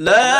لا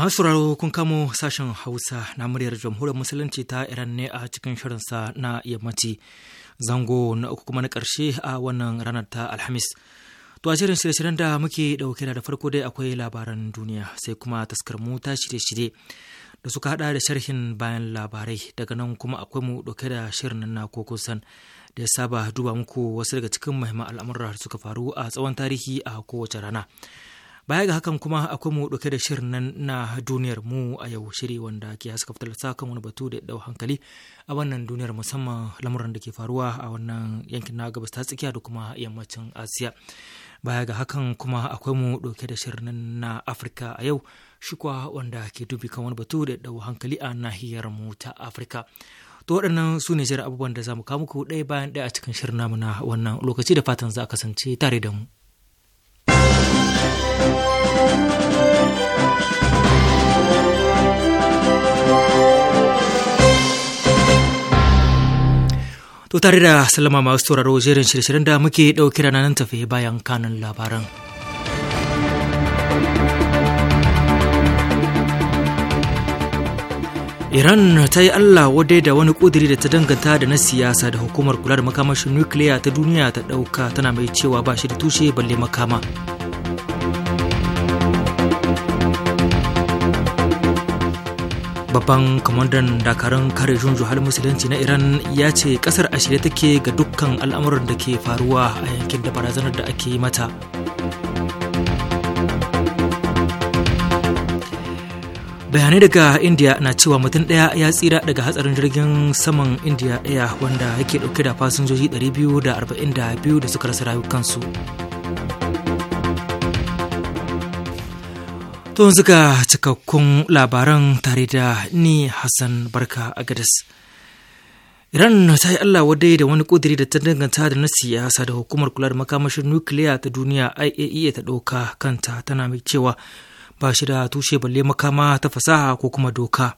Masu sauraro kun kamo sashen Hausa na muryar Jamhuriyar Musulunci ta Iran ne a cikin shirinsa na yammaci. Zango na uku kuma na ƙarshe a wannan ranar ta Alhamis. To a shirin shirye-shiryen da muke ɗauke da farko dai akwai labaran duniya sai kuma taskar mu ta shirye-shirye da suka hada da sharhin bayan labarai daga nan kuma akwai mu ɗauke da shirin na kokosan da ya saba duba muku wasu daga cikin muhimman al'amura da suka faru a tsawon tarihi a kowace rana. Baya ga hakan kuma akwai mu dauke da shirin nan na duniyar mu a yau shiri wanda ke haska fitar kan wani batu da dau hankali a wannan duniyar musamman lamuran da ke faruwa a wannan yankin na gabas ta tsakiya da kuma yammacin Asiya. Baya ga hakan kuma akwai mu dauke da shirin nan na Afirka a yau kuwa wanda ke dubi kan wani batu da dau hankali a nahiyar mu ta Afirka. To waɗannan su ne jira abubuwan da za mu kawo muku ɗaya bayan ɗaya a cikin shirin namu na wannan lokaci da fatan za a kasance tare da mu. To tare da salama masu sauraro jerin shirye-shiryen da muke ɗauki da nan tafi bayan kanun labaran. Iran ta yi Allah wadai da wani ƙudiri da ta danganta da na siyasa da hukumar kula da makamashin nukiliya ta duniya ta ɗauka tana mai cewa ba shi da tushe balle makama. babban kwamandan dakarun kare junju hal musulunci na iran ya ce kasar a shirye take ga dukkan al'amuran da ke faruwa a yankin da barazanar da ake mata bayanai daga india na cewa mutum daya ya tsira daga hatsarin jirgin saman india daya wanda yake dauke da fasinjoji 242 da suka rasa rayukansu. kansu To yanzu ga cikakkun labaran tare da ni Hassan Barka a Gadas. Iran ta yi Allah wadai da wani ƙudiri da ta danganta da na siyasa da hukumar kula da makamashin nukiliya ta duniya IAEA e, ta ɗauka kanta tana mai cewa ba shi da tushe balle makama ta fasaha ko kuma doka.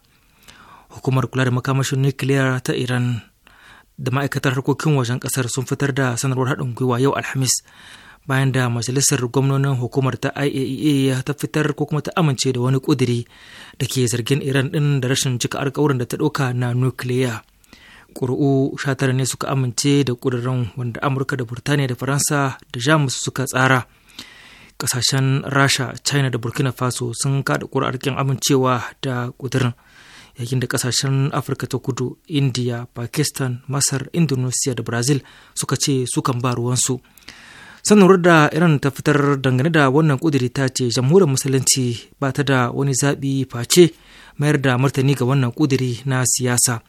Hukumar kula da makamashin nukiliya ta Iran da ma'aikatar harkokin wajen ƙasar sun fitar da sanarwar haɗin gwiwa yau Alhamis bayan da majalisar gwamnonin hukumar ta IAEA e ta fitar ko kuma ta amince da wani kudiri da ke zargin Iran din da rashin cika alkawarin da ta ɗauka na nukiliya. Ƙuri'u 19 ne suka amince da kudurin wanda Amurka da Burtaniya da Faransa da Jamus suka tsara. Ƙasashen Rasha, China da Burkina Faso sun kada kuri'ar kin amincewa da ƙudurin yakin da ƙasashen afirka ta kudu india pakistan masar indonesia da brazil suka ce sukan ba ruwansu sanarwar da iran ta fitar dangane da wannan kudiri ta ce jamhuriyar musulunci ba ta da wani zaɓi face mayar da martani ga wannan kudiri na siyasa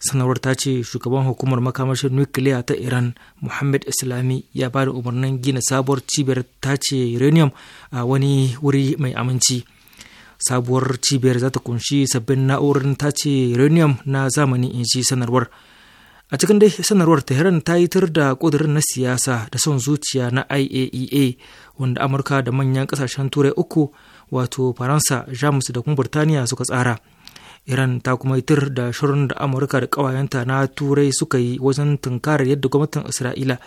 sanarwar ta ce shugaban hukumar makamashin nukiliya ta iran muhammad islami ya ba da umarnin gina sabuwar cibiyar ta ce uranium a wani wuri mai aminci sabuwar cibiyar za ta kunshi sabbin na'urar ta ce uranium na zamani in ji sanarwar a cikin dai sanarwar tehran ta yi da ƙudurin na siyasa da son zuciya na iaea e wanda amurka da manyan kasashen turai uku wato faransa jamus da kuma burtaniya suka tsara iran ta kuma yi da shirin da amurka da ƙawayenta na turai suka yi wajen tunkarar yadda gwamnatin isra'ila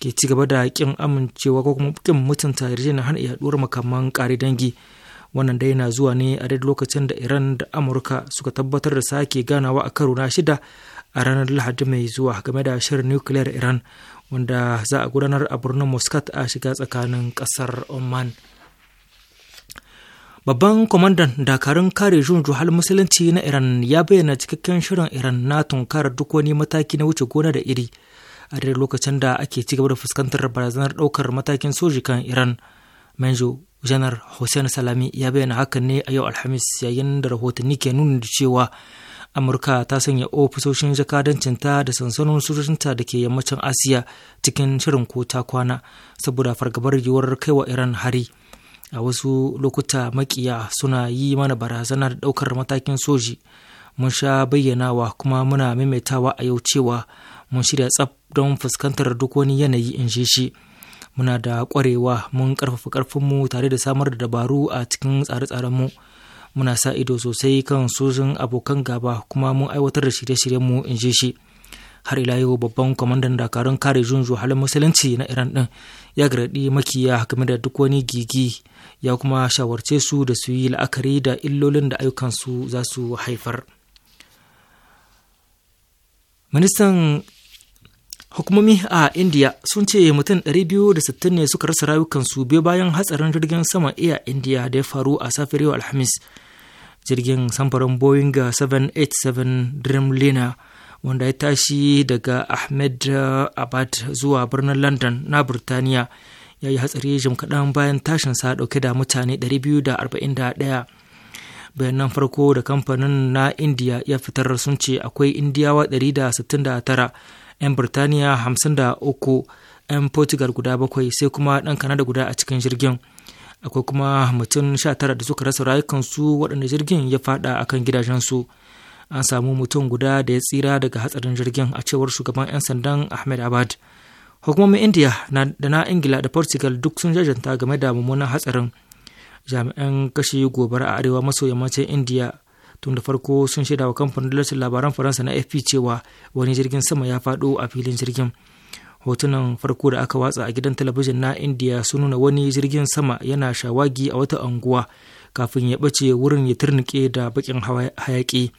ke ci gaba da ƙin amincewa ko kuma kin mutunta yarjejeniyar hana yaduwar makaman ƙare dangi wannan dai na zuwa ne a daidai lokacin da iran da amurka suka tabbatar da sake ganawa a karo na shida a ranar lahadi mai zuwa game da shirin nukiliyar iran wanda za a gudanar a birnin muscat a shiga tsakanin kasar oman babban kwamandan dakarun kare jun juhal musulunci na iran ya bayyana cikakken shirin iran na tunkarar duk wani mataki na wuce gona da iri a daidai lokacin da ake ci gaba da fuskantar barazanar daukar matakin soji kan iran manjo janar hussein salami ya bayyana hakan ne a yau alhamis yayin da rahotanni ke nuna da cewa amurka ta sanya ofisoshin jakadancinta da sansanin sojojinta da ke yammacin asiya cikin shirin ko ta kwana saboda fargabar yiwuwar kaiwa iran hari a wasu lokuta makiya suna yi mana barazana da ɗaukar matakin soji mun sha bayyanawa kuma muna maimaitawa a yau cewa mun shirya tsaf don fuskantar duk wani yanayi in shi muna da ƙwarewa mun ƙarfafa ƙarfinmu tare da samar da dabaru a cikin tsare-tsarenmu mu muna sa ido sosai kan sojin abokan gaba kuma mun aiwatar da shirye-shiryenmu in ji shi har ila yau babban kwamandan dakarun kare junju halin musulunci na iran din ya gargaɗi makiya game da duk wani gigi ya kuma shawarce su da su yi la'akari da illolin da ayyukansu za su haifar ministan hukumomi a india sun ce mutum 260 ne suka rasa su biyu bayan hatsarin jirgin sama iya india da ya faru a safiyar yau alhamis jirgin samfurin boeing 787 dreamliner wanda ya tashi daga ahmed eh, abad zuwa birnin london na burtaniya ya yi hatsari jim kaɗan bayan tashin sa dauke da mutane 241 bayanan farko da kamfanin na indiya ya fitar sun ce akwai indiyawa 169 'yan burtaniya 53 'yan portugal guda bakwai sai kuma ɗan kanada guda a cikin jirgin akwai kuma mutum tara da suka rasa rayukansu waɗanda jirgin ya fada akan gidajensu an samu mutum guda da ya tsira daga hatsarin jirgin a cewar shugaban 'yan sandan ahmed abad hukumomin india da na ingila da portugal duk sun jajanta game da mummunan hatsarin jami'an kashe gobara a arewa maso yammacin india tun da farko sun shaidawa wa kamfanin labaran faransa na fp cewa wani jirgin sama ya faɗo a filin jirgin hotunan farko da aka watsa a gidan talabijin na indiya sun nuna wani jirgin sama yana shawagi a wata anguwa kafin ya bace wurin ya turnike da bakin hayaƙi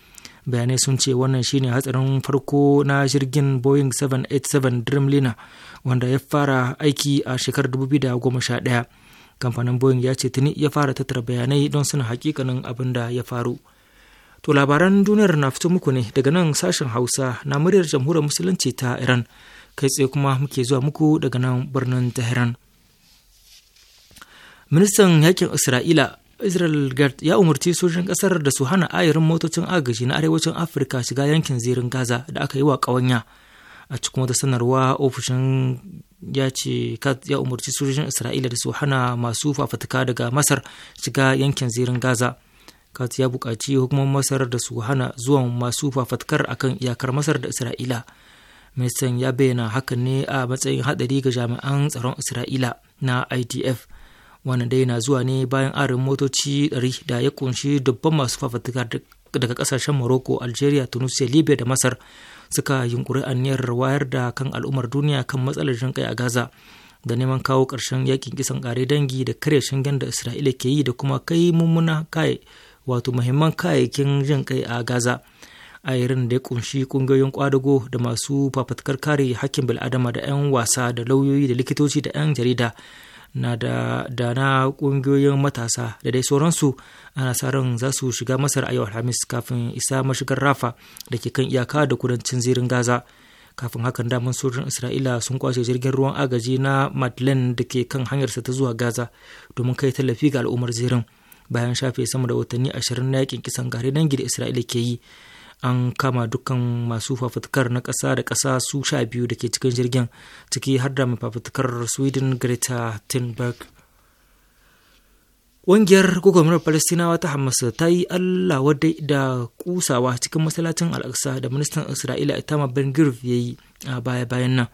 bayanai sun ce wannan shine hatsarin farko na jirgin boeing 787 dreamliner wanda ya fara aiki a shekarar 2011 kamfanin boeing ya ce tuni ya fara tattara bayanai don suna hakikanin abin da ya faru to labaran duniyar na fito muku ne daga nan sashen hausa na muryar jamhuriyar musulunci ta iran kai tsaye kuma muke zuwa muku daga nan birnin tehran ministan yakin isra'ila israel gert ya umarci sojin kasar da su hana ayarin motocin agaji na arewacin afirka shiga yankin zirin gaza da aka yi wa kawanya a cikin wata sanarwa ofishin ya ce kat ya umarci sojin isra'ila da su hana masu fafatuka daga masar shiga yankin zirin gaza kat ya buƙaci hukumar masar da su hana zuwan masu fafatukar akan iyakar masar da isra'ila ministan ya bayyana hakan ne a matsayin hadari ga jami'an tsaron Isra'ila na IDF. Wannan dai na zuwa ne bayan arin motoci 100 da ya kunshi dubban masu fafatuka daga kasashen Morocco, Algeria, Tunisia, Libya da Masar suka yunkuri aniyar wayar da kan al'ummar duniya kan matsalar jin kai a Gaza da neman kawo ƙarshen yakin kisan ƙare dangi da karya shingen da Isra'ila ke yi da kuma kai mummuna kai wato muhimman kayayyakin jin kai a Gaza. a ayarin da ya kunshi kungiyoyin kwadago da masu fafatkar kare hakkin bil'adama da 'yan wasa da lauyoyi da likitoci da 'yan jarida na da, da na kungiyoyin matasa da dai sauransu ana sa ran za su shiga masar a yau alhamis kafin isa mashigar rafa da ke kan iyaka da kudancin zirin gaza kafin hakan daman sojin isra'ila sun kwashe jirgin ruwan agaji na madlen da ke kan hanyarsa ta zuwa gaza domin kai tallafi ga al'ummar zirin bayan shafe sama da watanni ashirin na yakin kisan gare dangi da isra'ila ke yi an kama dukkan masu fafutukar na ƙasa da ƙasa su sha biyu da ke cikin jirgin ciki har da fafutukar sweden greta thunberg Ƙungiyar gwagwarmar palestinawa ta Hamas ta yi Allah wadai da kusawa cikin masallacin al'aqsa da ministan Isra'ila Itamar Ben Gvir ya yi a baya-bayan nan.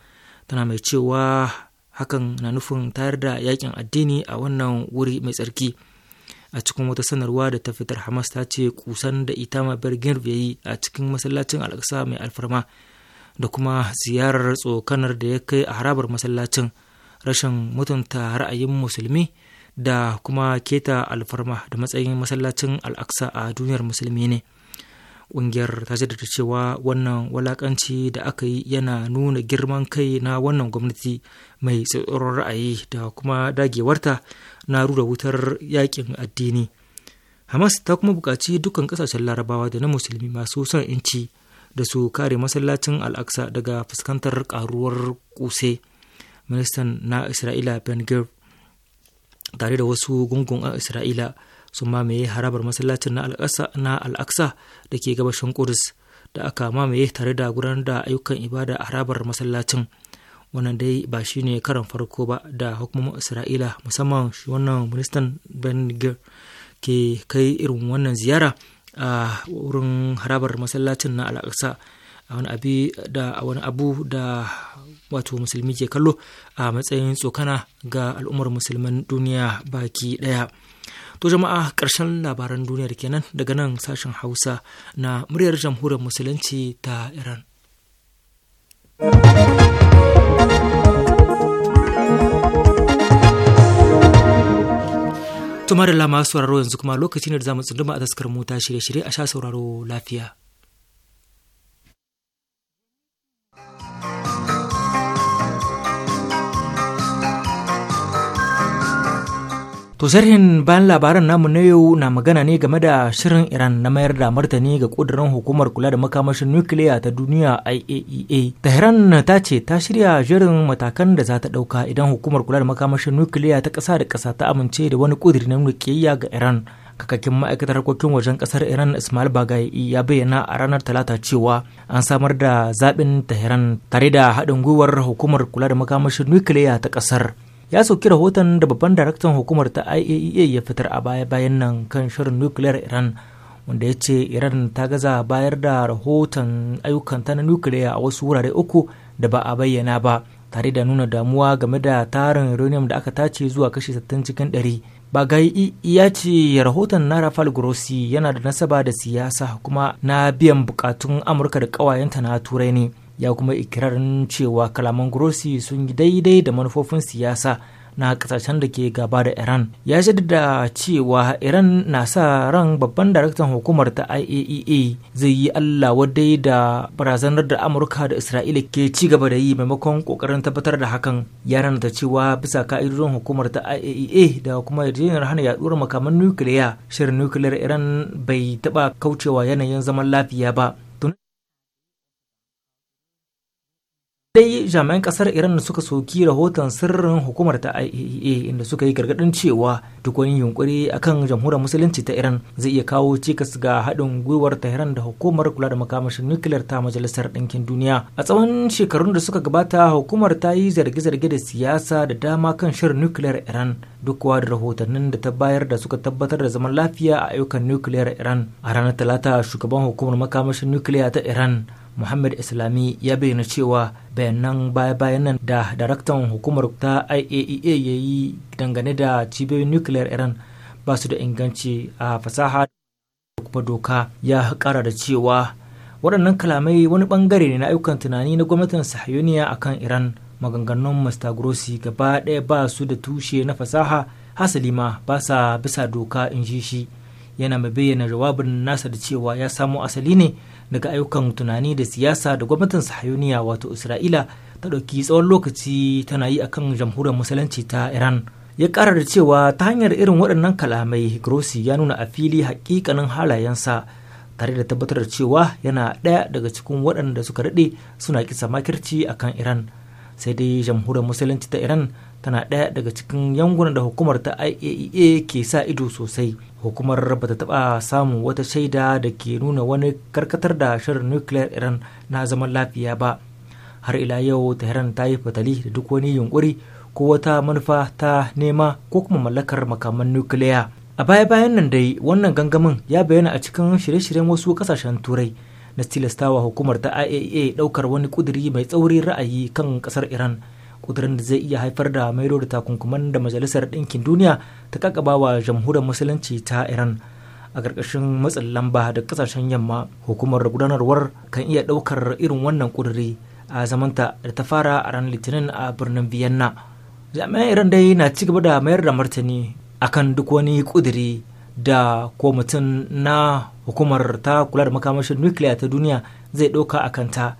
Tana mai cewa hakan na nufin tayar da yakin addini a wannan wuri mai tsarki. a cikin wata sanarwa da ta fitar hamas ta ce kusan da ita bergin ya yi a cikin masallacin al'aqsa mai alfarma da kuma ziyarar tsokanar da ya kai a harabar masallacin rashin mutunta ra'ayin musulmi da kuma keta alfarma da matsayin masallacin al'aqsa a duniyar musulmi ne ƙungiyar ta jaddada cewa wannan walakanci da aka yi yana nuna girman kai na wannan gwamnati mai tsoron ra'ayi da kuma dagewarta na rura wutar yakin addini hamas ta kuma buƙaci dukkan ƙasashen larabawa da na musulmi masu son inci da su kare masallacin al'aksa daga fuskantar ƙaruwar kuse ministan na isra'ila ben tare da wasu gungun a isra'ila sun mamaye harabar masallacin na al'aksa da ke gabashin kudus da aka mamaye tare da gudanar da ayyukan ibada a harabar masallacin wannan dai ba shi ne karan farko ba da hukumomin isra'ila musamman shi wannan ministan ben ke kai irin wannan ziyara a wurin harabar masallacin na al'aqsa a wani abi da wani abu da wato musulmi ke kallo a matsayin tsokana ga al'ummar musulman duniya baki daya to jama'a karshen labaran duniyar kenan daga nan sashen hausa na muryar jamhuriyar musulunci ta iran Tumar da lama sauraro yanzu kuma lokaci ne da zamu tsunduma a taskar mu ta shirye-shirye a sha sauraro lafiya. To bayan labaran namu na yau na magana ne game da shirin Iran na mayar da martani ga kudirin hukumar kula da makamashin nukiliya ta duniya IAEA. E tehran ta ce ta shirya jerin matakan da za ta ɗauka idan hukumar kula da makamashin nukiliya ta ƙasa da ƙasa ta amince da wani kudiri na nukiliya ga Iran. kakakin ma'aikatar harkokin wajen ƙasar iran ismail bagai ya bayyana a ranar talata cewa an samar da zaɓin tehran tare da haɗin gwiwar hukumar kula da makamashin nukiliya ta ƙasar ya sauki rahoton da babban daraktan hukumar ta iaea e ya fitar a baya-bayan nan kan shirin nukiliyar iran wanda ya ce iran ta gaza bayar da rahoton ayyukanta na nukiliya a wasu wurare uku da ba a bayyana ba tare da nuna damuwa game da tarin uranium da aka tace zuwa kashi 60 cikin 100 bagai ya ce rahoton na rafal grossi yana da nasaba da siyasa kuma na biyan bukatun amurka da kawayenta na turai ne ya kuma ikirarin cewa kalaman grossi sun yi daidai da manufofin siyasa na kasashen da ke gaba da iran ya da cewa iran na sa ran babban daraktan hukumar ta iaea e zai yi allah wadai da barazanar da amurka da isra'ila ke ci gaba da yi maimakon kokarin tabbatar da hakan ya ta cewa bisa ka'idodin hukumar ta iaea e da kuma yarjejeniyar hana yaduwar makaman nukiliya shirin nukiliyar iran bai taɓa kaucewa yanayin zaman lafiya ba dai jami'an kasar iran da suka soki rahoton sirrin hukumar ta iaea e inda suka yi gargadin cewa duk wani yunkuri akan jamhuriyar musulunci ta iran zai iya kawo cikas ga haɗin gwiwar tehran da hukumar kula da makamashin nukiliyar ta majalisar ɗinkin duniya a tsawon shekarun da suka gabata hukumar ta yi zarge-zarge da siyasa da dama kan shirin nukiliyar iran duk kuwa da rahotannin da ta bayar da suka tabbatar da zaman lafiya a ayyukan nukiliyar iran a ranar talata shugaban hukumar makamashin nukiliya ta iran muhammad islami ya bayyana cewa bayanan baya-bayan da daraktan hukumar ta iaea e ya yi dangane da cibiyoyin nuclear iran ba su da inganci a fasaha da kuma doka ya kara da cewa waɗannan kalamai wani ɓangare ne na ayyukan tunani na gwamnatin a kan iran maganganun mr grossi gaba ɗaya ba su da tushe na fasaha hasali ma ba sa bisa doka in ji shi yana mai bayyana jawabin nasa da cewa ya samo asali ne daga ayyukan tunani da siyasa da gwamnatin sahayuniya wato isra'ila ta ɗauki tsawon lokaci tana yi akan jamhuriyar musulunci ta iran ya ƙara da cewa ta hanyar irin waɗannan kalamai grossi ya nuna a fili hakikanin halayensa tare da tabbatar da cewa yana ɗaya daga cikin waɗanda suka daɗe suna kisa makirci akan iran sai dai jamhuriyar musulunci ta iran tana ɗaya daga cikin yankunan da hukumar ta iaea e ke sa ido sosai hukumar ba ta taɓa samun wata shaida da ke nuna wani karkatar da shirin nuclear iran na zaman lafiya ba har ila yau tehran ta yi fatali da duk wani yunkuri ko wata manufa ta nema ko kuma mallakar makaman nukiliya a baya-bayan nan dai wannan gangamin ya bayyana a cikin shirye-shiryen wasu kasashen turai na tilastawa hukumar ta iaea e ɗaukar wani ƙuduri mai tsauri ra'ayi kan ƙasar iran kudurin da zai iya haifar da maido da takunkuman da majalisar ɗinkin duniya ta kakaba wa jamhuriyar musulunci ta iran a ƙarƙashin matsin lamba da ƙasashen yamma hukumar gudanarwar kan iya ɗaukar irin wannan kuduri a zamanta da ta fara a ran litinin a birnin vienna jami'an iran dai na ci gaba da mayar da martani akan duk wani kuduri da ko mutum na hukumar ta kula da makamashin nukiliya ta duniya zai ɗauka a kanta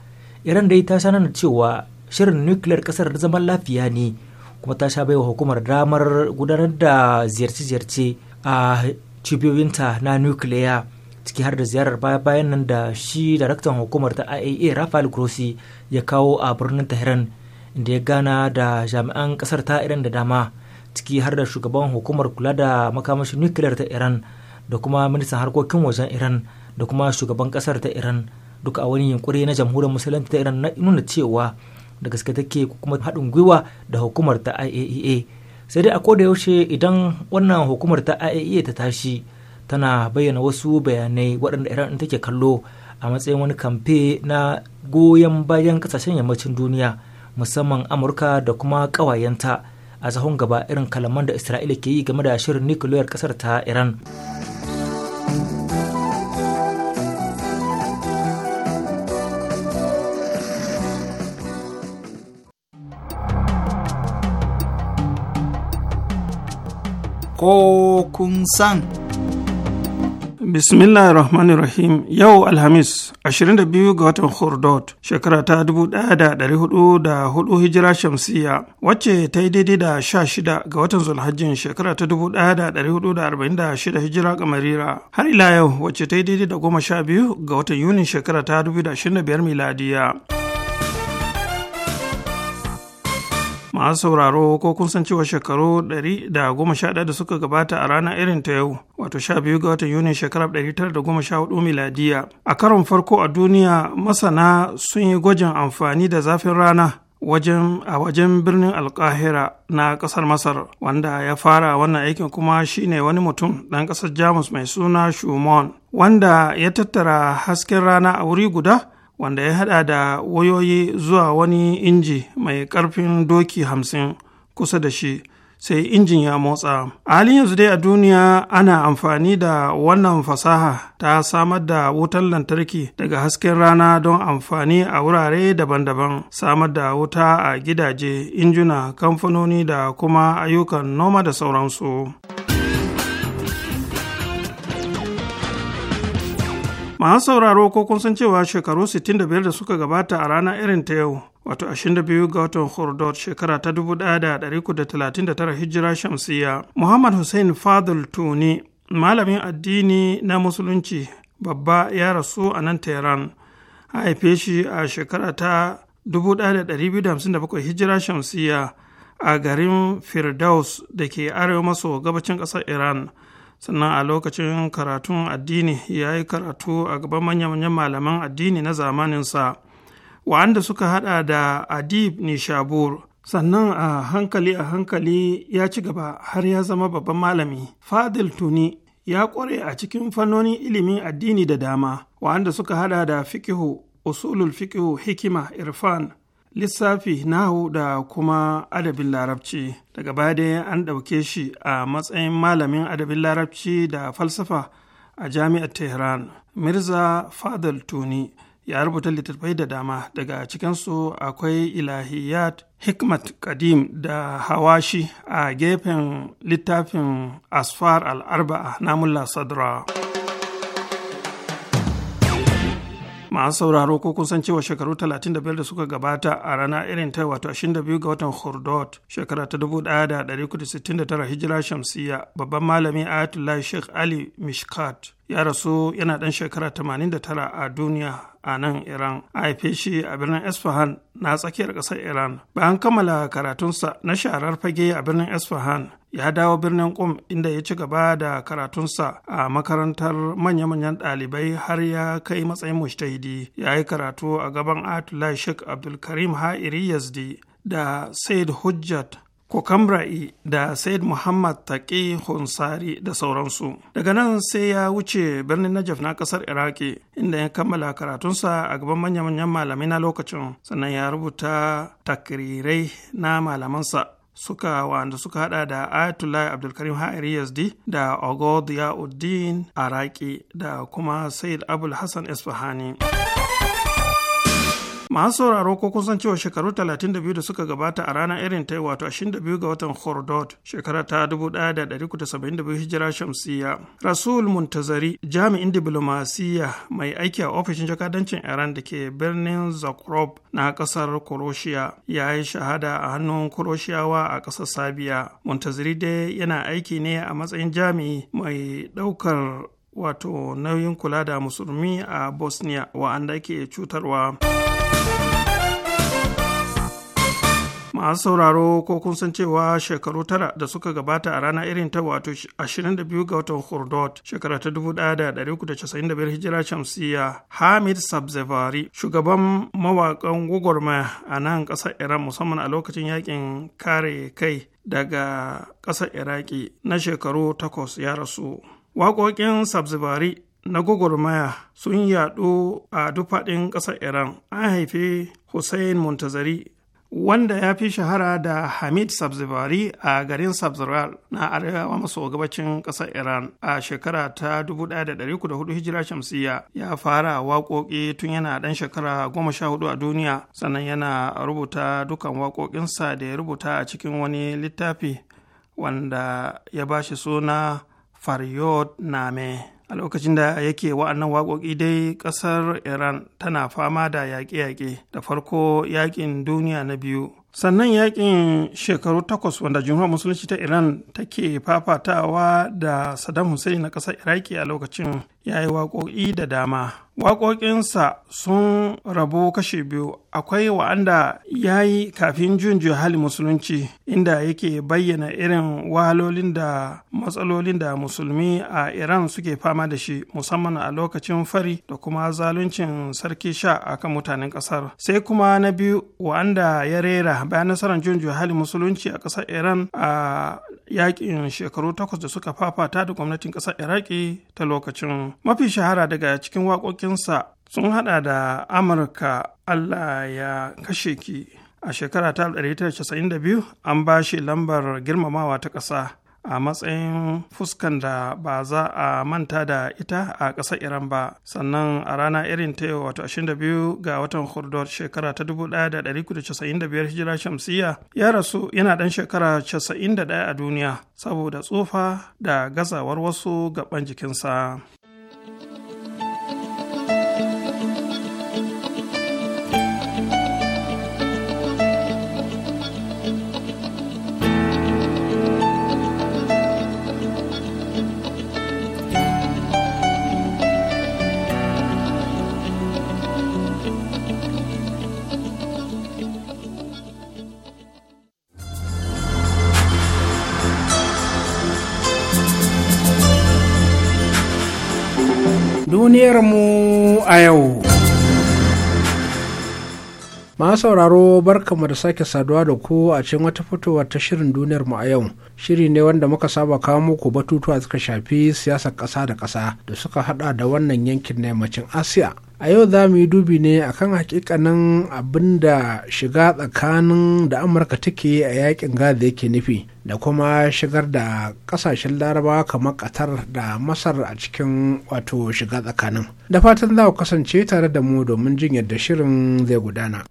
iran dai ta sanar da cewa shirin nukiliyar kasar zaman lafiya ne kuma ta sha baiwa hukumar damar gudanar da ziyarce-ziyarce a cibiyoyinta na nukiliya ciki har da ziyarar baya-bayan nan da shi daraktan hukumar ta iaea rafael grossi ya kawo a birnin tehran inda ya gana da jami'an kasar ta iran da dama ciki har da shugaban hukumar kula da makamashin nukiliyar ta iran da kuma ministan harkokin wajen iran da kuma shugaban kasar ta iran duka a wani yunkuri na jamhuriyar musulunci ta iran na nuna cewa da gaske take kuma haɗin gwiwa da hukumar ta IAEA e sai dai a koda yaushe idan wannan hukumar ta IAEA e ta tashi tana bayyana wasu bayanai waɗanda Iran take kallo a matsayin wani kamfe na goyon bayan kasashen yammacin duniya musamman Amurka da kuma ƙawayenta a zahon gaba irin kalaman da Isra'ila ke yi game da shirin nukiliyar ƙasar ta Iran. ko kun san. rahim yau Alhamis 22 ga watan Hordot shekara ta 1404 hijira shamsiya wacce ta yi daidai da 16 ga watan Zulhajjin shekara ta 1446 hijira kamarira har ila yau wacce ta yi daidai da 12 ga watan Yunin shekara ta 2025 miladiya. masu sauraro ko kun san cewa shekaru 111 da suka gabata a ranar irin ta yau wato 12 ga watan yuni shekarar 1914 miladiya a karon farko a duniya masana sun yi gwajin amfani da zafin rana wajen a wajen birnin alkahira na kasar masar wanda ya fara wannan aikin kuma shine wani mutum ɗan ƙasar jamus mai suna shumon wanda ya tattara hasken rana a wuri guda wanda ya hada da wayoyi zuwa wani inji mai karfin doki hamsin kusa da shi sai injin ya motsa a halin yanzu dai a duniya ana amfani da wannan fasaha ta samar da wutar lantarki daga hasken rana don amfani a wurare daban-daban samar da wuta a gidaje injuna kamfanoni da kuma ayyukan noma da sauransu. Masu sauraro ko kun san cewa shekaru 65 da suka gabata a rana irin ta yau, wato 22 ga watan Hordot shekara ta 1139 Hijira Shamsiyya, Muhammad Hussein Fadl Tuni, malamin addini na Musulunci babba ya rasu a nan Tehran. haife shi a shekara ta 1257 Hijira Shamsiyya a garin Firdaus da ke arewa maso gabacin ƙasar Iran. sannan a lokacin karatun addini ya yi karatu a gaban manyan malaman addini na zamaninsa wa'anda suka hada da adib nishabur sannan a hankali a hankali ya ci gaba har ya zama babban malami fadil tuni ya kware a cikin fannonin ilimin addini da dama wa'anda suka hada da fikihu usulul fikihu hikima irfan lissafi na nahu da kuma adabin larabci daga baya dai an ɗauke shi a matsayin malamin adabin larabci da falsafa a jami'ar tehran mirza fadal tuni ya rubuta littattafai da dama daga cikinsu akwai ilahiyat hikmat kadim da hawashi a gefen littafin asfar al'arba na mulla sadra. masu sauraro ko kun san cewa shekaru 35 da suka gabata a rana irin ta wato 22 ga watan hurdot shekara ta 1969 hijira shamsiya babban malami ayatollah sheikh ali mishkat ya rasu yana ɗan shekara 89 a duniya a nan Iran. A haife shi a birnin Esfahan na tsakiyar ƙasar Iran. Bayan kammala karatunsa na sharar fage a birnin Esfahan, ya dawo birnin kum inda ya ci gaba da karatunsa a makarantar manya-manyan ɗalibai har ya kai matsayin mushtahidi. Ya yi karatu a gaban Atullah Sheikh Abdulkarim Ha'iri Yazdi da Said Hujjat Kokambra'i da Said Muhammad Taƙi Hunsari da sauransu. Daga nan sai ya wuce birnin Najaf na ƙasar Iraki inda ya kammala karatunsa a gaban manya-manyan malamai na lokacin sannan ya rubuta takrirai na malamansa suka wanda suka hada da Ayatollah Abdulkarim Ha'iri Yazdi da Ogod Ya'uddin Araki da kuma Said Abul Hassan Isfahani. masu sauraro ko kun cewa shekaru 32 da suka gabata a ranar irin ta wato 22 ga watan Hordod shekara ta 1972 hijira shamsiya Rasul Muntazari jami'in diplomasiya mai aiki a ofishin jakadancin Iran da ke birnin Zagreb na kasar Kuroshiya ya yi shahada a hannun Kuroshiyawa a kasar Sabiya Muntazari dai yana aiki ne a matsayin jami'i mai ɗaukar wato nauyin kula da musulmi a Bosnia wa'anda ke cutarwa. masu sauraro ko kun san cewa shekaru tara da suka gabata a rana irin ta wato 22 ga watan hurdot shekara ta 1995 hijira shamsiya hamid sabzevari shugaban mawakan gwagwarmaya a nan ƙasar iran musamman a lokacin yakin kare kai daga ƙasar iraki na shekaru takwas ya rasu waƙoƙin sabzevari na gwagwarmaya sun yaɗu a dufaɗin ƙasar iran an haifi hussein montazari wanda ya fi shahara da Hamid Sabzivari a garin Sabzivar na arewa maso gabacin ƙasar Iran a shekara ta 1304 hijira shamsiyya ya fara waƙoƙi tun yana ɗan shekara goma sha hudu a duniya sannan yana rubuta dukan waƙoƙinsa da ya rubuta a cikin wani littafi wanda ya ba shi suna Faryod Name. a lokacin da yake wa'annan waƙoƙi dai ƙasar iran tana fama da yaƙe-yaƙe da farko yaƙin duniya na biyu sannan yaƙin shekaru takwas wanda jumhuriyar musulunci ta iran take fafatawa da saddam hussein na ƙasar iraki a lokacin ya yi waƙoƙi da dama waƙoƙinsa sun rabu kashe biyu akwai wa'anda ya yi kafin jin hali musulunci inda yake bayyana irin wahalolin da matsalolin da musulmi a iran suke fama da shi musamman a lokacin fari da kuma zaluncin sarki sha a kan mutanen ƙasar sai kuma na biyu wa'anda ya rera bayan nasarar jin hali musulunci a ƙasar iran a yakin shekaru takwas da suka fafata da gwamnatin ƙasar iraki ta lokacin mafi shahara daga cikin waƙoƙinsa sun hada da amurka allah ya kashe ki a shekara ta 1992 an ba shi lambar girmamawa ta ƙasa a matsayin fuskan da ba za a manta da ita a ƙasar iran ba sannan a rana irin ta yau wato 22 ga watan hurdor shekara ta 1995 hijira shamsiyya ya rasu yana ɗan shekara 91 a duniya saboda tsufa da gazawar wasu gaban jikinsa mu a yau. Masu sauraro barkamu da sake saduwa da ku a cikin wata fitowa ta shirin duniyarmu a yau. Shiri ne wanda muka saba kawo muku batutuwa suka shafi siyasar ƙasa da ƙasa da suka hada da wannan yankin na yammacin Asiya. a yau za mu yi dubi ne akan hakikanin abin da shiga tsakanin da amurka take a yakin gaza yake nufi da kuma shigar da kasashen larabawa kamar katar da masar a cikin wato shiga tsakanin da fatan za ku kasance tare da mu domin jin yadda shirin zai gudana.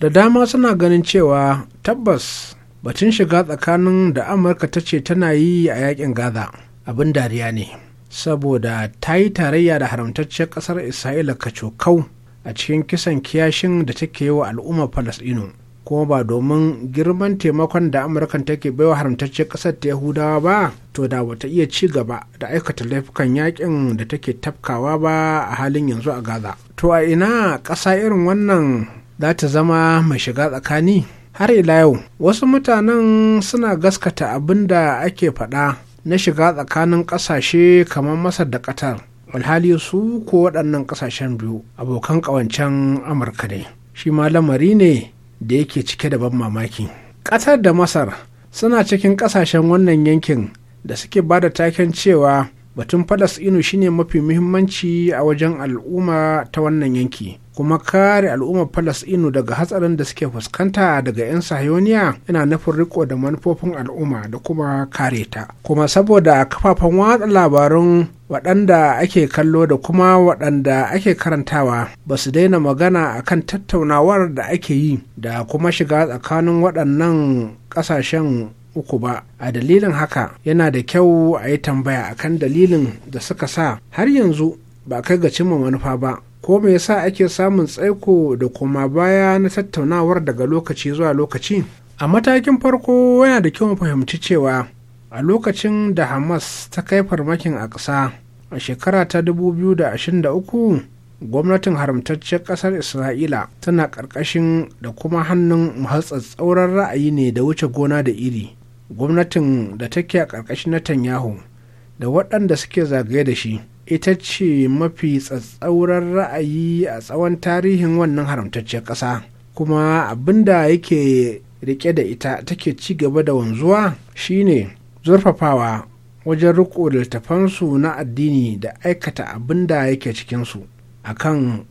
da dama suna ganin cewa tabbas batun shiga tsakanin da amurka ta ce tana yi a yakin gaza abin dariya ne saboda ta yi tarayya da haramtacciyar kasar isra'ila kacokau a cikin kisan kiyashin da take yi wa al'ummar falasɗinu kuma ba domin girman taimakon da amurka take baiwa haramtacciyar kasar ta yahudawa ba to da bata iya ci gaba da aikata laifukan yakin da take tafkawa ba a halin yanzu a gaza to a ina ƙasa irin wannan za ta zama mai shiga tsakani har ila yau wasu mutanen suna gaskata abin da ake faɗa na shiga tsakanin ƙasashe kamar masar da ƙatar alhali su ko waɗannan ƙasashen biyu abokan ƙawancen amurka ne shi ma lamari ne da yake cike da ban mamaki ƙatar da masar suna cikin ƙasashen wannan yankin da suke ba da taken cewa batun falasɗinu shine mafi muhimmanci a wajen al'umma ta wannan yanki kuma kare al'ummar falasɗinu daga hatsarin da suke fuskanta daga 'yan sahayoniya yana nufin riko da manufofin al'umma da kuma kare ta kuma saboda kafafen watsa labarun waɗanda ake kallo da kuma waɗanda ake karantawa ba su daina magana a kan tattaunawar da ake yi da kuma shiga tsakanin waɗannan ƙasashen uku ba a dalilin haka yana da kyau a yi tambaya akan dalilin da suka sa har yanzu ba kai ga cimma manufa ba ko me yasa ake samun tsaiko da kuma baya na tattaunawar daga lokaci zuwa lokaci a matakin farko yana da kyau mu fahimci cewa a lokacin da hamas ta kai farmakin a ƙasa a shekara ta 2023 gwamnatin haramtaccen ƙasar isra'ila tana ƙarƙashin da kuma hannun mahatsatsauran ra'ayi ne da wuce gona da iri gwamnatin da take a ƙarƙashin Netanyahu da waɗanda suke zagaye da shi ita ce mafi tsatsauran ra'ayi a tsawon tarihin wannan haramtacciyar ƙasa kuma abin da yake rike da ita take ci gaba da wanzuwa shine zurfafawa wajen riko littafansu na addini da aikata abin da yake cikinsu a kan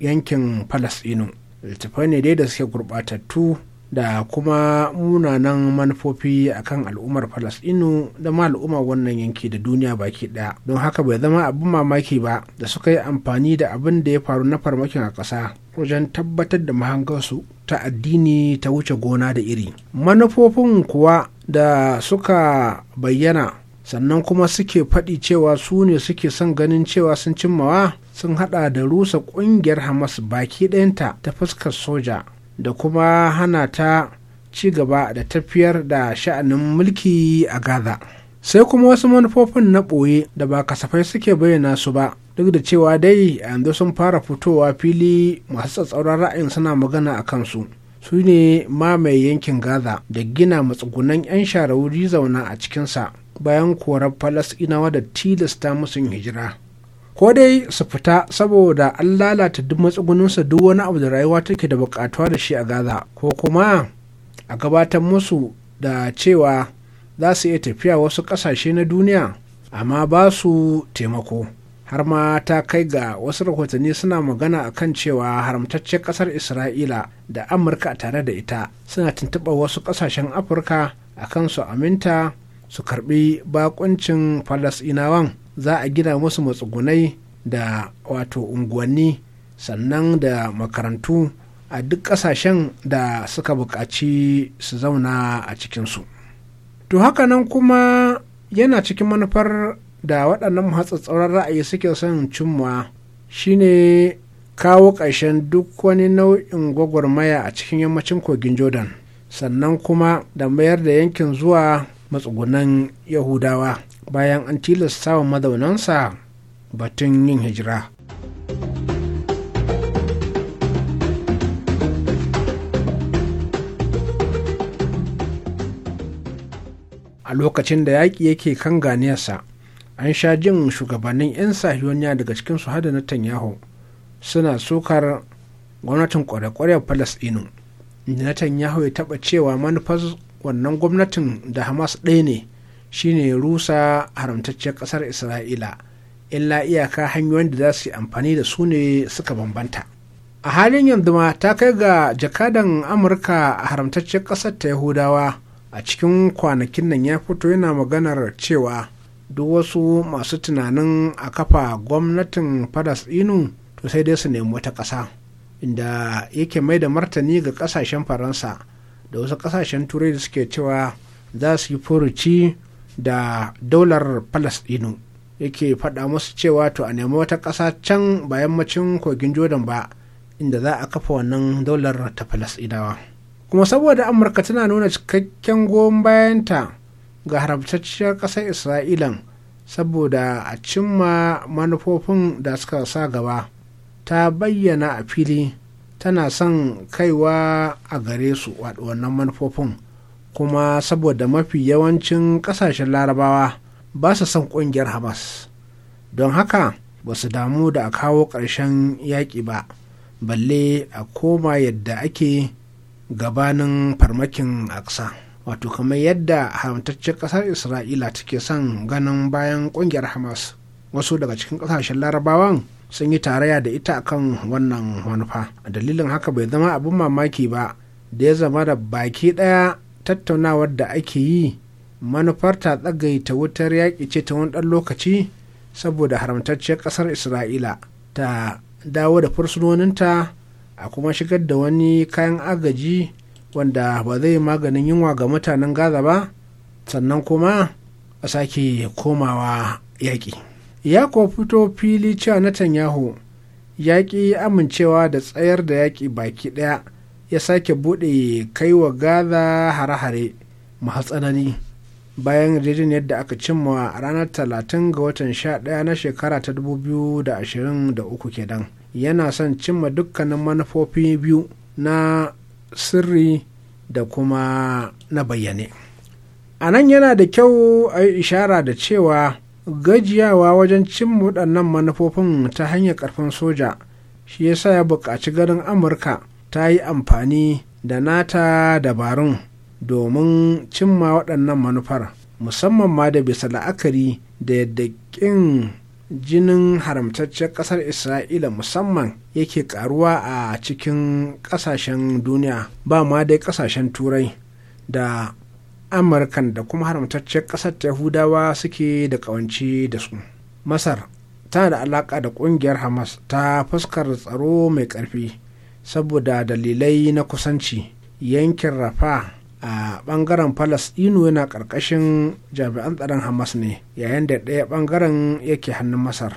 yankin falasɗinu littafai ne dai da suke gurɓatattu da kuma munanan manufofi a kan al'ummar falasɗinu da ma al'ummar wannan yanki da duniya baki ɗaya don haka bai zama abin mamaki ba da suka yi amfani da abin da ya faru na farmakin a ƙasa wajen tabbatar da mahangarsu ta addini ta wuce gona da iri manufofin kuwa da suka bayyana sannan kuma suke faɗi cewa su ne suke son ganin cewa sun cimmawa sun haɗa da rusa ƙungiyar hamas baki ɗayanta ta fuskar soja da kuma hana ta ci gaba da tafiyar da sha'anin mulki a gaza sai kuma wasu manufofin na ɓoye da ba kasafai suke bayyana su ba duk da cewa dai a yanzu sun fara fitowa fili masu tsatsauran ra'ayin suna magana a kansu su ne mamaye yankin gaza da gina matsugunan 'yan shara wuri zauna a cikinsa bayan korar falasɗinawa da tilasta musu hijira ko dai su fita saboda an lalata duk matsuguninsa duk wani abu da rayuwa take da bukatuwa da shi a gaza ko kuma a gabatar musu da cewa za su iya tafiya wasu ƙasashe na duniya amma ba su taimako har ma ta kai ga wasu rahotanni suna magana a kan cewa haramtaccen ƙasar isra'ila da amurka tare da ita suna tuntuɓar wasu ƙasashen afirka a kan su aminta su karɓi bakuncin Falasinawan. za a gina musu matsugunai da wato unguwanni sannan da makarantu a duk ƙasashen da suka buƙaci su zauna a cikinsu to hakanan kuma yana cikin manufar da waɗannan hatsatsauran ra'ayi suke son cimma shine kawo ƙarshen duk wani nau'in gwagwarmaya a cikin yammacin kogin jordan sannan kuma da mayar da yankin zuwa matsugunan yahudawa bayan an tilasta wa mazaunansa batun yin hijira a lokacin da yaƙi yake kan ganiyarsa an sha jin shugabannin 'yan sahiyoniya daga cikinsu hada na tanyahu suna sukar gwamnatin kware inda falasɗinu Tanyahu ya taɓa cewa manufar wannan gwamnatin da hamas ɗaya ne shine rusa haramtacciyar ƙasar isra'ila illa iyaka hanyoyin da za su yi amfani da su ne suka bambanta a halin yanzu ma ta kai ga jakadan amurka a haramtacciyar ƙasar ta yahudawa a cikin kwanakin nan ya fito yana maganar cewa duk wasu masu tunanin a kafa gwamnatin inu to sai dai su nemi wata ƙasa inda yake mai da martani ga ƙasashen faransa da wasu ƙasashen turai da suke cewa za su yi furuci da daular dinu yake faɗa musu cewa to a nemi wata ƙasa can ba yammacin kogin jordan ba inda za a kafa wannan daular ta falasɗinawa kuma saboda amurka tana nuna cikakken goyon bayanta ga haramtacciyar ƙasar isra'ilan saboda a cimma manufofin da suka sa gaba ta bayyana a fili tana son kaiwa a gare su wannan manufofin kuma saboda mafi yawancin ƙasashen larabawa ba su son ƙungiyar hamas don haka ba su damu da a kawo ƙarshen yaƙi ba balle a koma yadda ake gabanin farmakin aksa wato kamar yadda haramtaccen ƙasar isra'ila take son ganin bayan ƙungiyar hamas wasu daga cikin ƙasashen larabawan sun yi tarayya da ita akan wannan manufa a dalilin haka bai zama abin mamaki ba da ya zama da baki ɗaya tattaunawar da ake yi Manufar ta tsagaita wutar yaƙi ce ta wani ɗan lokaci saboda haramtacciyar ƙasar isra'ila ta dawo da fursunoninta a kuma shigar da wani kayan agaji wanda ba zai maganin yunwa ga mutanen gaza ba sannan kuma a sake komawa yaƙi ya kuwa fito fili cewa netanyahu yaƙi amincewa da tsayar da yaƙi baki ɗaya ya sake bude kai wa gaza hare-hare matsanani tsanani bayan rijin yadda aka cimma a ranar talatin ga watan sha 11 na shekara ta da 2023 kenan yana son cimma dukkanin manufofi biyu na sirri da kuma na bayyane a nan yana da kyau a yi ishara da cewa gajiyawa wajen cimma waɗannan manufofin ta hanyar ƙarfin soja shi yasa ya buƙaci ganin amurka ta yi amfani da nata dabarun domin cimma waɗannan manufar musamman ma da bisa la'akari da yadda ƙin jinin haramtaccen ƙasar isra'ila musamman yake ƙaruwa a cikin ƙasashen duniya ba ma dai ƙasashen turai da amurkan da kuma haramtaccen ƙasar yahudawa suke da ƙawance da su masar tana da alaƙa da ƙungiyar hamas ta fuskar tsaro mai ƙarfi saboda dalilai na kusanci yankin rafa a bangaren Falasɗinu yana ƙarƙashin jami'an tsaron hamas ne yayin da ɗaya bangaren yake hannun masar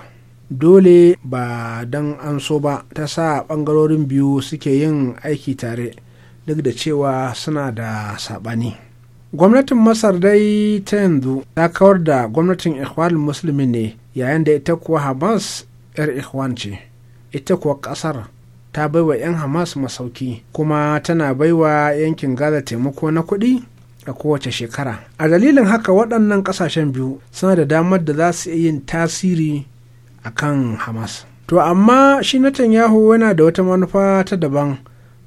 dole ba don an so ba ta sa bangarorin biyu suke yin aiki tare duk da cewa suna da saɓani gwamnatin masar dai ta yanzu ta kawar da gwamnatin ikhwan musulmi ne yayin da ita kuwa hamas 'yar ikhwan ce ita kuwa ƙasar ta baiwa 'yan hamas masauki kuma tana baiwa yankin gaza taimako na kuɗi a kowace shekara a dalilin haka waɗannan ƙasashen biyu suna da damar da za su iya yin tasiri a kan hamas to amma shi na yahu yana da wata manufa ta daban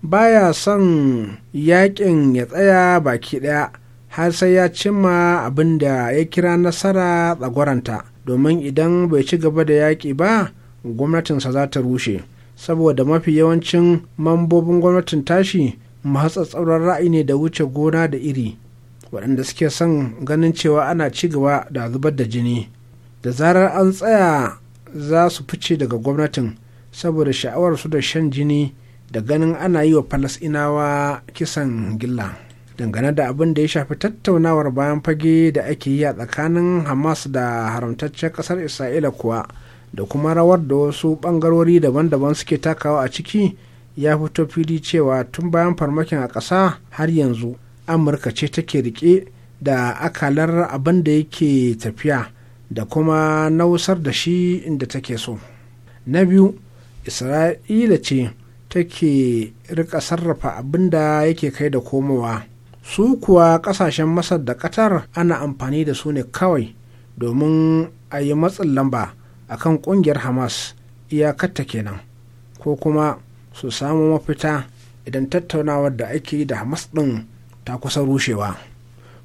baya son yakin ya tsaya baki ɗaya har sai ya cimma abin da ya kira nasara tsagwaranta domin idan bai ci gaba da yaƙi ba gwamnatinsa za ta rushe saboda mafi yawancin mambobin gwamnatin tashi tsauran ra'ayi ne da wuce gona da iri waɗanda suke son ganin cewa ana ci gaba da zubar da jini da zarar an tsaya za su fice daga gwamnatin saboda sha'awar su da shan jini da ganin ana yi wa falasinawa kisan gilla dangane da abin da ya shafi tattaunawar bayan fage da ake yi a tsakanin hamas da haramtaccen ƙasar isra'ila kuwa da kuma rawar da wasu bangarori daban-daban suke takawa a ciki ya fito fili cewa tun bayan farmakin a ƙasa har yanzu amurka ce take rike da akalar abin da yake tafiya da kuma nausar da shi inda take so na biyu isra'ila ce take rika sarrafa abin da yake kai da komowa su kuwa kasashen masar da qatar ana amfani da su ne kawai domin a yi matsin lamba a kan ƙungiyar hamas iyakarta kenan ko kuma su samu mafita idan tattaunawar da ake yi da hamas ɗin ta kusa rushewa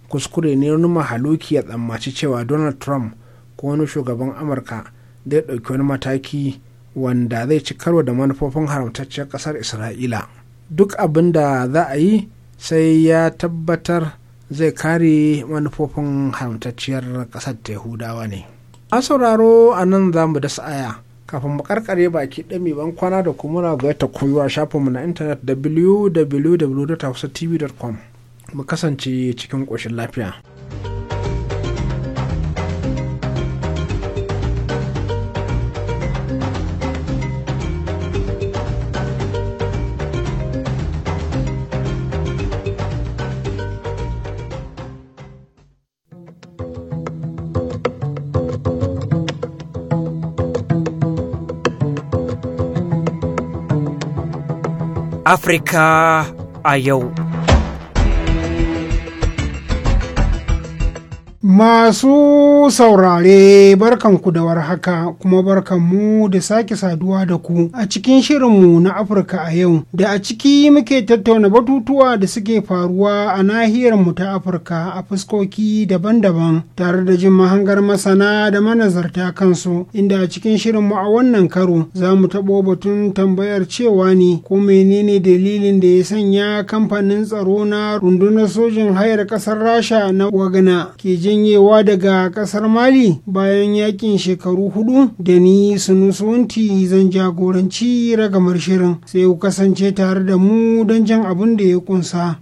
kuskure ne wani mahaluki ya tsammaci cewa donald trump ko wani shugaban amurka zai ɗauki wani mataki wanda zai ci karo da manufofin haramtacciyar ƙasar isra'ila duk abin da za a yi sai ya tabbatar zai kare manufofin haramtacciyar ƙasar ta yahudawa ne an sauraro a nan za mu da sa'aya kafin mu karkare baki ɗami ban kwana da kuma na gaita koyuwa shafinmu na intanet www.tv.com mu kasance cikin ƙoshin lafiya. afrika a yau. Masu saurare barkanku da warhaka kuma barkanmu da sake saduwa da ku a cikin shirinmu na Afirka a yau da a ciki muke tattauna batutuwa da suke faruwa a nahiyar mu ta Afirka a fuskoki daban-daban tare da jin mahangar masana da manazarta kansu inda a cikin shirinmu a wannan karo za mu taɓo batun tambayar cewa ne ko menene dalilin da ya sanya kamfanin tsaro na rundunar sojin hayar ƙasar Rasha na Wagana ke jin janyewa daga kasar mali bayan yakin shekaru hudu da ni sunusunti zan jagoranci ragamar shirin sai ku kasance tare da mu don jan abin da ya kunsa.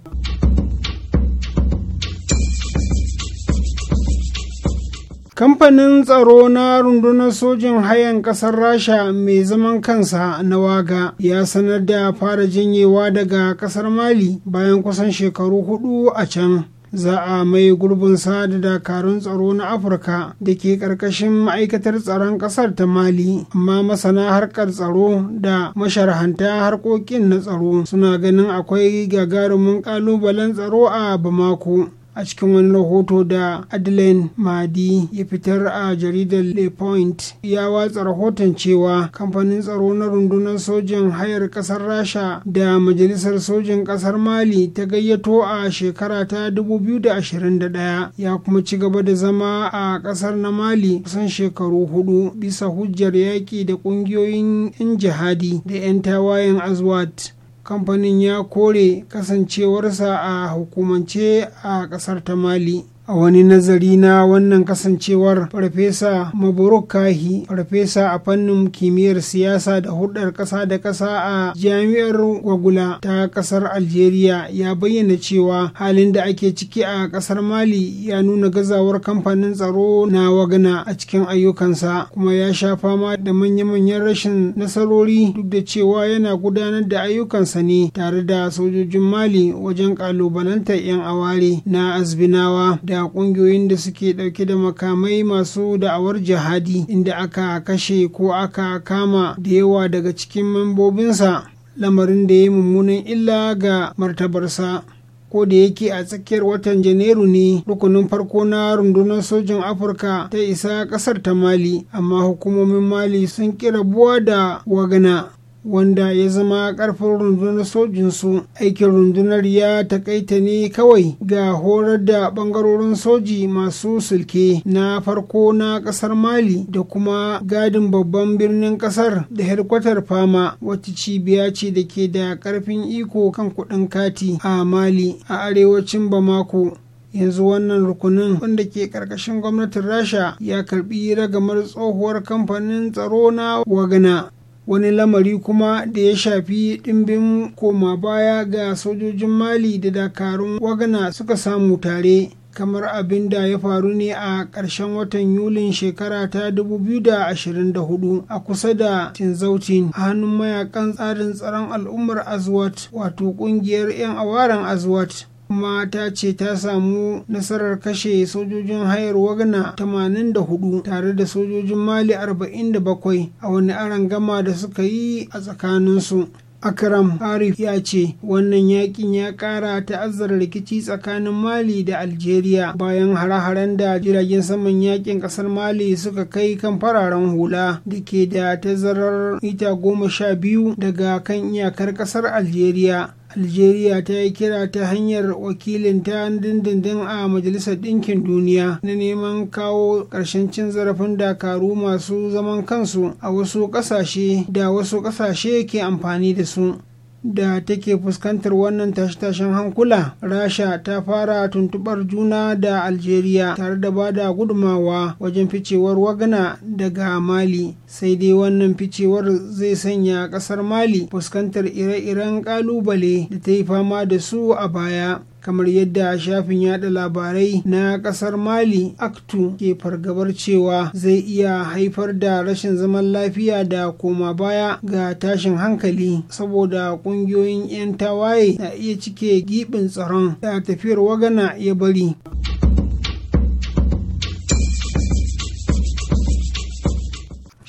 kamfanin tsaro na rundunar sojin hayan kasar rasha mai zaman kansa na waga ya sanar da fara janyewa daga kasar mali bayan kusan shekaru hudu a can za a mai gurbin sada dakarun tsaro na afirka da ke ƙarƙashin ma'aikatar tsaron ƙasar ta mali amma masana harkar tsaro da masharhanta harkokin na tsaro suna ganin akwai gagarumin ƙalubalen tsaro a bamako a cikin wani rahoto da Adeline madi ya fitar a jaridar Le Point ya watsa rahoton cewa kamfanin tsaro na rundunar sojin hayar kasar Rasha da majalisar sojin kasar Mali ta gayyato a shekara ta 2021 ya kuma ci gaba da zama a kasar na Mali kusan shekaru hudu bisa hujjar yaƙi da ƙungiyoyin 'yan jihadi da 'yan tawayen Azwat. kamfanin ya kore kasancewarsa a hukumance a ƙasar ta mali a wani nazari na wannan kasancewar farfesa maburukahi farfesa a fannin kimiyyar siyasa da hudar kasa da kasa a jami'ar gwagula ta kasar algeria ya bayyana cewa halin da ake ciki a kasar mali ya nuna gazawar kamfanin tsaro na wagana a cikin ayyukansa kuma ya sha fama da manya-manyan rashin nasarori duk da cewa yana gudanar da ayyukansa ne tare da sojojin mali wajen kalubalantar 'yan aware na azbinawa da da kungiyoyin da suke dauke da makamai masu da'awar jihadi inda aka kashe ko aka kama da yawa daga cikin mambobinsa, lamarin da ya mummunan illa ga martabarsa ko da yake a tsakiyar watan janairu ne rukunin farko na rundunar sojin afirka ta isa kasar ta mali amma hukumomin mali sun kira buwa da wagana wanda ya zama karfin rundunar sojinsu aikin rundunar ya takaita ne kawai ga horar da bangarorin soji masu sulke na farko na kasar mali da kuma gadin babban birnin kasar da herkwatar fama wata cibiya ce da ke da karfin iko kan kudin kati a mali a arewacin bamako yanzu wannan rukunin wanda ke karkashin gwamnatin rasha ya karbi ragamar tsohuwar kamfanin tsaro na wagana wani lamari kuma da ya shafi ɗimbin koma baya ga sojojin mali da dakarun wagana suka samu tare kamar abin da ya faru ne a ƙarshen watan yulin shekara ta 2024 a kusa da tinzautin a hannun mayakan tsarin tsaron al'ummar azwat wato ƙungiyar 'yan awaren azwat kuma ta ce ta samu nasarar kashe sojojin hayar wagna 84 tare da sojojin mali 47 a wani aron gama da suka yi a tsakaninsu akram arif ya ce wannan yakin ya kara ta'azzara rikici tsakanin mali da algeria bayan hare-haren da jiragen saman yakin kasar mali suka kai kan fararen hula da ke da tazarar mita goma sha biyu daga kan iyakar kasar algeria algeria ta yi kira ta hanyar wakilin wakilinta dindindin a majalisar ɗinkin duniya na neman kawo ƙarshen cin zarafin dakaru masu zaman kansu a wasu ƙasashe da wasu ƙasashe ke amfani da su da take fuskantar wannan tashe-tashen hankula rasha ta fara tuntubar juna da algeria tare da ba da gudumawa wajen ficewar wagana daga mali sai dai wannan ficewar zai sanya kasar mali fuskantar ire-iren kalubale da ta yi fama da su a baya kamar yadda shafin yada labarai na kasar mali aktu ke fargabar cewa zai iya haifar da rashin zaman lafiya da koma baya ga tashin hankali saboda kungiyoyin 'yan tawaye na iya cike gibin tsaron da tafiyar wagana ya bari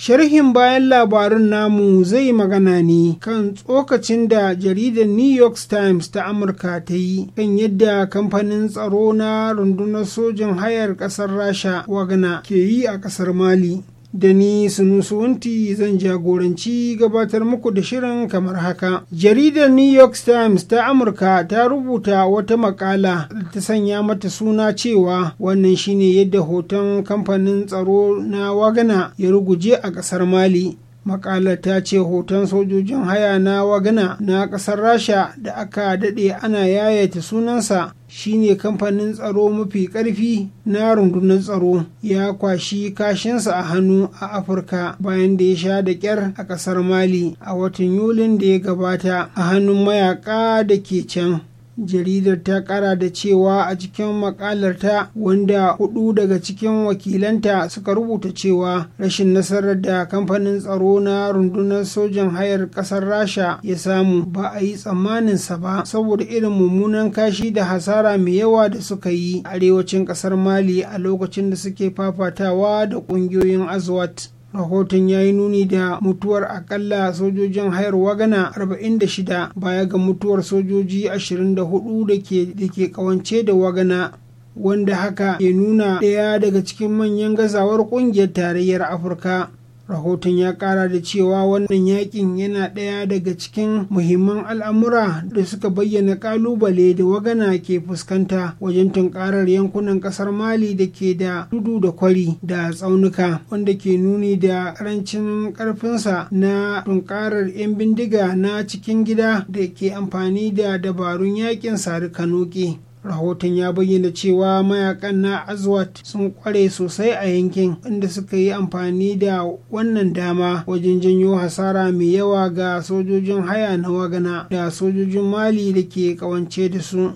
Sharhin bayan labarun namu zai magana ne kan tsokacin da jaridar New York Times ta Amurka ta yi kan yadda kamfanin tsaro na rundunar sojin hayar ƙasar Rasha wagana ke yi a ƙasar Mali. da ni sunusunti zan jagoranci gabatar muku da shirin kamar haka. Jaridar New York Times ta Amurka ta rubuta wata makala da ta sanya mata suna cewa wannan shine yadda hoton kamfanin tsaro na Wagana ya ruguje a ƙasar Mali. makala ta ce hoton sojojin haya na wagana na ƙasar rasha da aka daɗe ana yayata sunansa shine kamfanin tsaro mafi ƙarfi na rundunar tsaro ya kwashi kashinsa a hannu a afirka bayan da ya sha da ƙyar a ƙasar mali a watan yulin da ya gabata a hannun mayaƙa da ke can jaridar ta kara da cewa a cikin makalarta wanda hudu daga cikin wakilanta suka rubuta cewa rashin nasarar da kamfanin tsaro na rundunar sojan hayar kasar rasha ya samu ba a yi tsammaninsa ba saboda irin mummunan kashi da hasara mai yawa da suka yi arewacin kasar mali a lokacin da suke fafatawa da kungiyoyin azwat rahoton ya yi nuni da mutuwar akalla sojojin hayar wagana 46 baya ga mutuwar sojoji 24 da ke kawance da wagana wanda haka ke nuna ɗaya daga cikin manyan gazawar ƙungiyar tarayyar afirka rahoton ya kara da cewa wannan yakin yana ɗaya daga cikin muhimman al'amura da suka bayyana kalubale da wagana ke fuskanta wajen tunkarar yankunan kasar mali da ke da tudu da kwari da tsaunuka wanda ke nuni da karancin karfinsa na tunkarar 'yan bindiga na cikin gida da ke amfani da dabarun yakin sari kanoki rahoton ya bayyana cewa mayakan na azwat sun kware sosai a yankin inda suka yi amfani da wannan dama wajen janyo hasara mai yawa ga sojojin haya na wagana da sojojin mali da ke kawance da su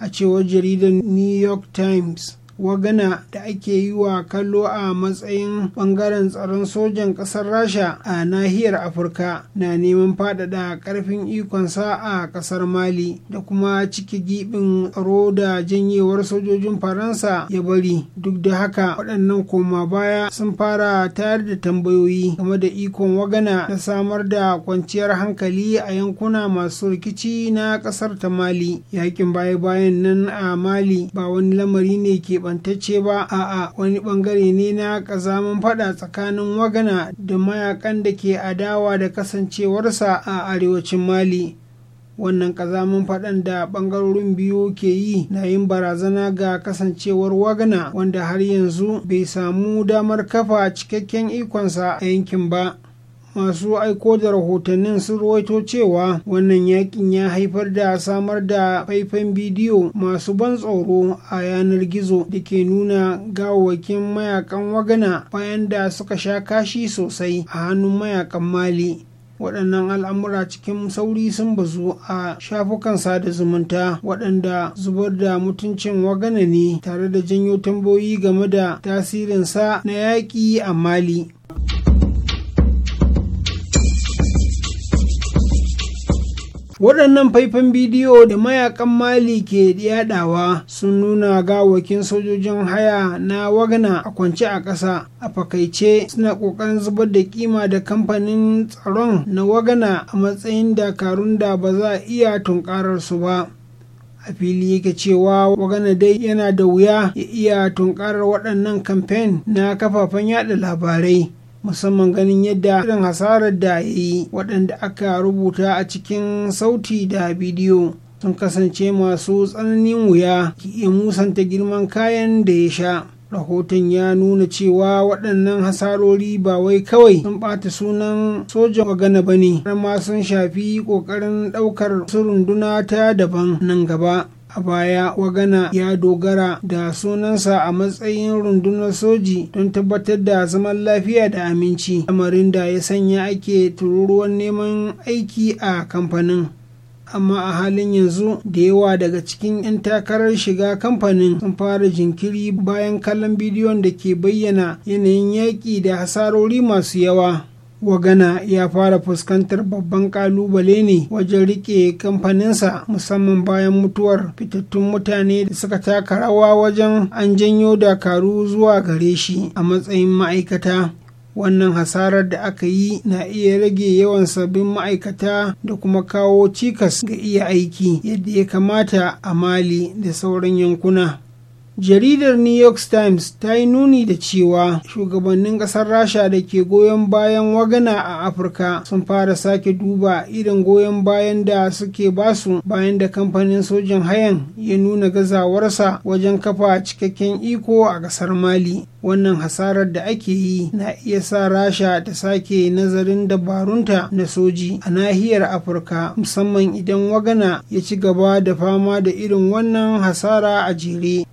a cewar jaridar new york times wagana da ake yi wa kallo a matsayin bangaren tsaron sojan ƙasar rasha a nahiyar afirka na neman faɗaɗa ƙarfin ikonsa a ƙasar mali da kuma ciki giɓin tsaro da janyewar sojojin faransa ya bari duk da haka waɗannan koma baya sun fara tayar da tambayoyi game da ikon wagana na samar da kwanciyar hankali a yankuna masu rikici na ƙasar ta mali yakin baya-bayan nan a mali ba wani lamari ne ke keɓantacce ba a'a wani ɓangare ne na ƙazaman faɗa tsakanin wagana da mayakan da ke adawa da kasancewarsa a arewacin mali wannan kazamin faɗan da ɓangarorin biyu ke yi na yin barazana ga kasancewar wagana wanda har yanzu bai samu damar kafa cikakken ikonsa a yankin ba masu aiko da rahotannin sun ruwaito cewa wannan yakin ya haifar da samar da faifan bidiyo masu ban tsoro a yanar gizo da ke nuna gawakin mayakan wagana bayan da suka sha kashi sosai a hannun mayakan mali waɗannan al'amura cikin sauri sun bazu a shafukan sada zumunta waɗanda zubar da mutuncin wagana ne tare da janyo tambayoyi game da tasirinsa na yaƙi a mali waɗannan faifan bidiyo da mayakan mali ke yadawa sun nuna gawakin sojojin haya na wagna a kwance a ƙasa a fakaice suna ƙoƙarin zubar da kima da kamfanin tsaron na wagana a matsayin dakarun da ba za a iya tunkarar su ba a fili yake cewa wagana dai yana da wuya ya iya tunkarar waɗannan kamfen na kafafen yada labarai musamman ganin yadda irin hasarar da ya yi waɗanda aka rubuta a cikin sauti da bidiyo sun kasance masu tsananin wuya ki iya musanta girman kayan da ya sha rahoton ya nuna cewa waɗannan hasarori ba wai kawai sun ɓata sunan sojan wagana ba ne ma sun shafi ƙoƙarin ɗaukar su runduna ta daban nan gaba a baya wagana ya dogara da sunansa a matsayin rundunar soji don tabbatar da zaman lafiya da aminci lamarin da ya sanya ake tururuwan neman aiki a kamfanin amma a halin yanzu da yawa daga cikin 'yan takarar shiga kamfanin sun fara jinkiri bayan kallon bidiyon da ke bayyana yanayin yaƙi da hasarori masu yawa wagana ya fara fuskantar babban kalubale ne wajen rike kamfaninsa musamman bayan mutuwar fitattun mutane da suka taka rawa wajen an janyo dakaru zuwa gare shi a matsayin ma'aikata wannan hasarar da aka yi na iya rage yawan sabbin ma'aikata da kuma kawo cikas ga iya aiki yadda ya kamata a mali da sauran yankuna jaridar new york times ta yi nuni da cewa shugabannin kasar rasha da ke goyon bayan wagana a afirka sun fara sake duba irin goyon bayan da suke basu bayan da kamfanin sojin hayan ya nuna gazawarsa wajen kafa cikakken iko a kasar mali wannan hasarar da ake yi na iya sa rasha ta sake nazarin dabarunta na soji a nahiyar afirka musamman idan wagana ya ci gaba da fama da irin wannan hasara a jere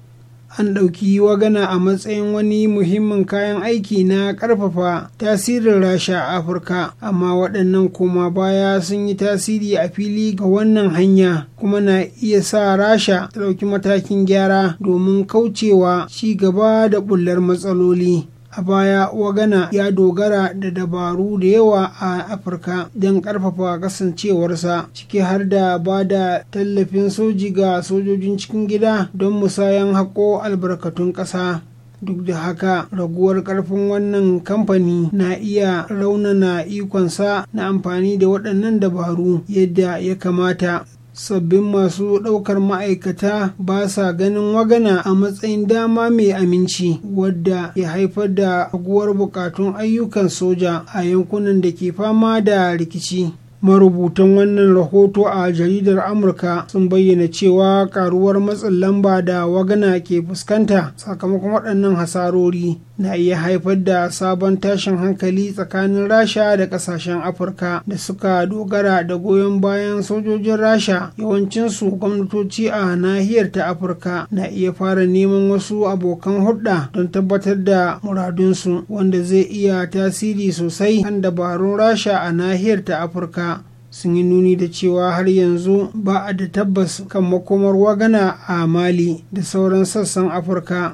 an ɗauki wagana a matsayin wani muhimmin kayan aiki na ƙarfafa tasirin rasha a afirka amma waɗannan koma baya sun yi tasiri a fili ga wannan hanya kuma na iya sa rasha ta ɗauki matakin gyara domin kaucewa ci gaba da bullar matsaloli a baya wagana ya dogara da dabaru da yawa a afirka don karfafa kasancewarsa ciki har da ba da tallafin soji ga sojojin cikin gida don musayan haƙo albarkatun ƙasa duk da haka raguwar karfin wannan kamfani na iya raunana ikonsa na amfani da waɗannan dabaru yadda ya kamata sabbin masu ɗaukar ma'aikata ba sa ganin wagana a matsayin dama mai aminci wadda ya haifar da aguwar bukatun ayyukan soja a yankunan da ke fama da rikici marubutan wannan rahoto a jaridar amurka sun bayyana cewa karuwar matsin lamba da wagana ke fuskanta sakamakon waɗannan hasarori na iya haifar da sabon tashin hankali tsakanin rasha da kasashen afirka da suka dogara da goyon bayan sojojin rasha yawancinsu gwamnatoci a nahiyar ta afirka na iya fara neman wasu abokan hulɗa don tabbatar da muradunsu wanda zai iya tasiri sosai kan dabarun rasha a nahiyar ta afirka sun yi nuni da cewa har yanzu ba a da tabbas kan makomar wagana a mali da sauran sassan afirka